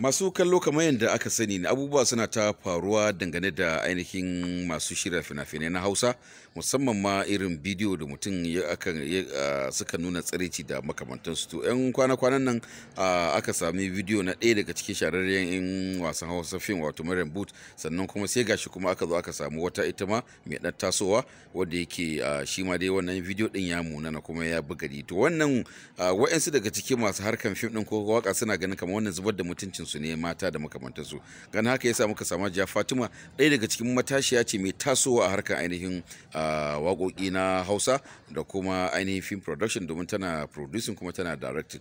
masu kallo kamar yadda aka sani ne abubuwa suna ta faruwa dangane da ainihin masu shirya fina-finai na hausa musamman ma irin bidiyo da mutum suka nuna tsareci da makamantansu to 'yan kwana-kwanan nan aka sami bidiyo na ɗaya daga cikin shahararren yan wasan hausa fim wato maryam boot sannan kuma sai gashi kuma aka zo aka samu wata ita ma mai ɗan tasowa wadda yake shi ma dai wannan bidiyo ɗin ya munana kuma ya bugari to wannan wa'yansu daga cikin masu harkan fim ɗin ko waka suna ganin kamar wannan zubar da mutuncin su ne mata da makamantansu gani haka yasa muka samu ja fatima ɗaya daga cikin matashiya ce mai tasowa a harkar ainihin waƙoƙi na hausa da kuma ainihin film production domin tana producing kuma tana directing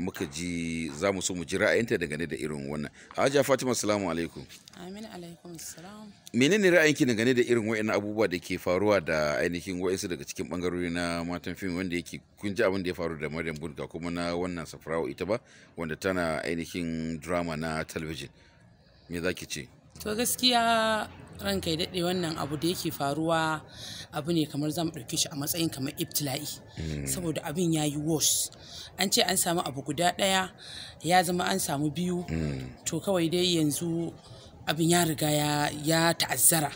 muka ji za mu so mu ji ra'ayinta dangane da irin wannan hajiya fatima salamu alaikum amin alaikum salam. menene ra'ayinki dangane da irin wa'annan abubuwa da ke faruwa da ainihin wa'ansu daga cikin bangarori na matan film wanda yake kun ji abin da ya faru da maryam burga kuma na wannan safarawa ita ba wanda tana ainihin drama drama na talabijin me za ki ce to gaskiya ranka ya daɗe wannan abu da yake faruwa abu ne kamar zamu ɗauke shi a matsayin kamar ibtila'i hmm. saboda abin ya yi worse an ce an samu abu guda ɗaya ya zama an samu biyu hmm. to kawai dai yanzu abin ya riga ya ta'azzara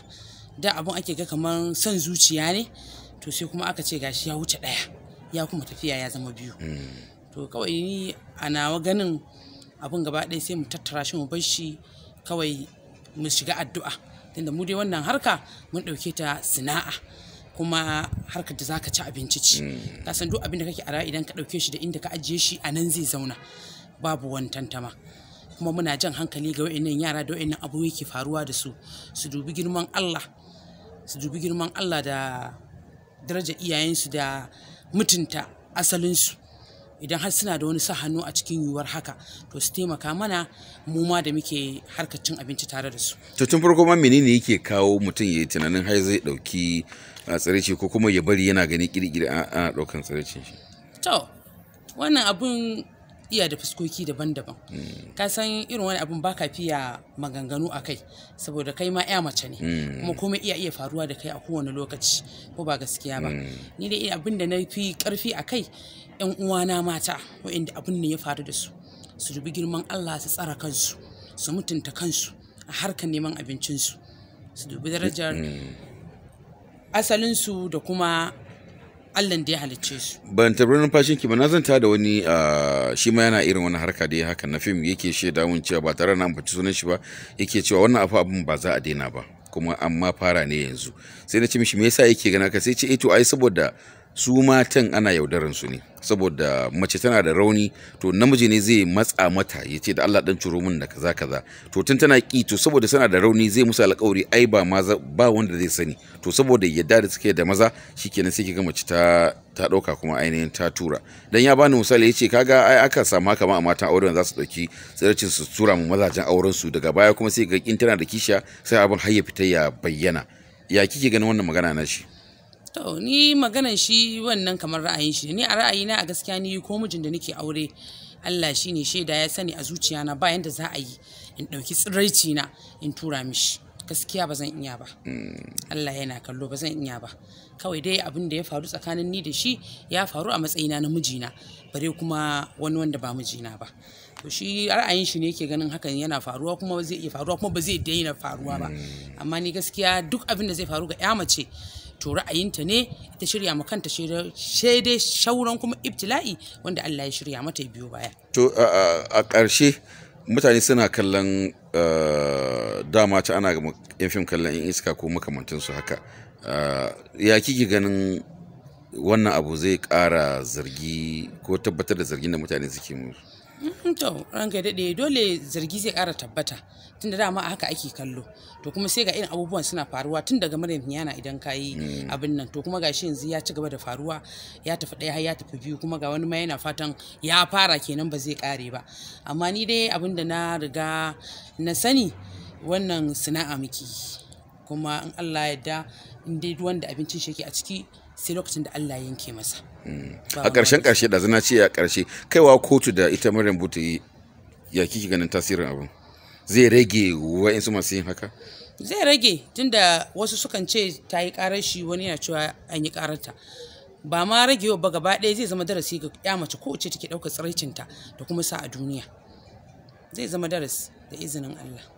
da abin ake ga kamar son zuciya ne to sai kuma aka ce gashi ya wuce ɗaya ya kuma tafiya ya zama biyu hmm. to kawai ni a nawa ganin abin gaba ɗaya sai mu tattara shi mu bar shi kawai mu shiga addu'a tunda mu dai wannan harka mun ɗauke ta sana'a kuma harkar da zaka ci abinci ci mm. ka san duk abin da kake ara idan ka ɗauke shi da inda ka ajiye shi a nan zai zauna babu wani tantama kuma muna jan hankali ga wa'annan yara da wa'annan abu yake faruwa da su su dubi girman Allah su dubi girman Allah da daraja iyayensu da mutunta asalinsu idan har suna da wani sa hannu a cikin yiwuwar haka to su taimaka mana mu ma da muke harkar cin abinci tare da su to tun farko ma menene yake kawo mutum ya yi tunanin har zai dauki tsiraici ko kuma ya bari yana gani kirkiri ana ɗaukan tsiraicin shi to wannan abun iya da fuskoki daban-daban mm. ka san irin wani abun baka fiya maganganu a kai saboda kai ma ya mace ne mm. kuma komai iya iya faruwa da kai a kowane lokaci ko ba gaskiya ba mm. ni dai abin da na fi karfi a kai yan uwana mata waɗanda abin ne ya faru da su su dubi girman Allah su tsara kansu su mutunta kansu a harkar neman abincinsu su dubi darajar asalinsu da kuma Allah da ya halicce su ban tabbatar numfashin ki ba na zanta da wani shi ma yana irin wani harka da ya haka na fim yake da mun cewa ba tare na ambaci sunan shi ba yake cewa wannan afa abun ba za a daina ba kuma amma fara ne yanzu sai na ce mishi me yasa yake gana ka sai ce eh to ai saboda su matan ana yaudaran su ne saboda mace tana da rauni to namiji ne zai matsa mata ya ce da Allah dan ciro min da kaza kaza to tun tana ki to saboda tana da rauni zai musa alƙawari ai ba maza ba wanda zai sani to saboda yadda da suke da maza shikenan sai kiga mace ta ta ɗauka kuma ainihin ta tura dan ya bani misali yace kaga ai aka samu haka ma a matan auren za su ɗauki tsiracin su tura mu mazajen auren su daga baya kuma sai ga kin tana da kisha sai abin har ya fita ya bayyana ya kike ganin wannan magana na shi to ni maganan shi wannan kamar ra'ayin shi ni a ra'ayi na a gaskiya ni ko mijin da nake aure Allah shi ne shaida ya sani a zuciya na ba yanda za a yi in ɗauki tsiraici na in tura mishi gaskiya ba zan iya ba Allah yana kallo ba zan iya ba kawai dai abin da ya faru tsakanin ni da shi ya faru a matsayina na mijina bare kuma wani wanda ba mijina ba to shi ra'ayin shi ne yake ganin hakan yana faruwa kuma zai iya faruwa kuma ba zai daina faruwa ba amma ni gaskiya duk abin da zai faru ga ya mace to ra'ayinta ne ta shirya ma kanta sai dai shauran kuma ibtila'i wanda Allah ya shirya mata biyu baya to a ƙarshe mutane suna kallon dama ta ana yan fim kallon iska ko su haka ya kike ganin wannan abu zai ƙara zargi ko tabbatar da zargin da mutane suke musu to ranka daɗe dole zargi zai kara tabbata tun da dama haka ake kallo to kuma sai ga irin abubuwan suna faruwa tun daga maryam yana idan ka yi mm. abin nan to kuma gashi yanzu ya ci gaba da faruwa ya tafi ɗaya ya tafi biyu kuma ga wani ma yana fatan ya fara kenan ba zai ƙare ba amma ni dai abin da na riga na sani wannan sana'a muke kuma in Allah ya da in dai wanda abincin shi yake a ciki sai lokacin da Allah yanke masa hmm. a ƙarshen ƙarshe da zana ce a ƙarshe kaiwa kotu da ita buta yi ya kike ganin tasirin abin zai rage su masu yin haka zai rage tunda wasu sukan ce ta yi ƙarar shi wani yana cewa an yi ƙararta, ba ma rage ba gaba ɗaya zai zama darasi ga ya mace kowace take ɗaukar tsiraicinta da kuma sa a duniya zai zama darasi da izinin Allah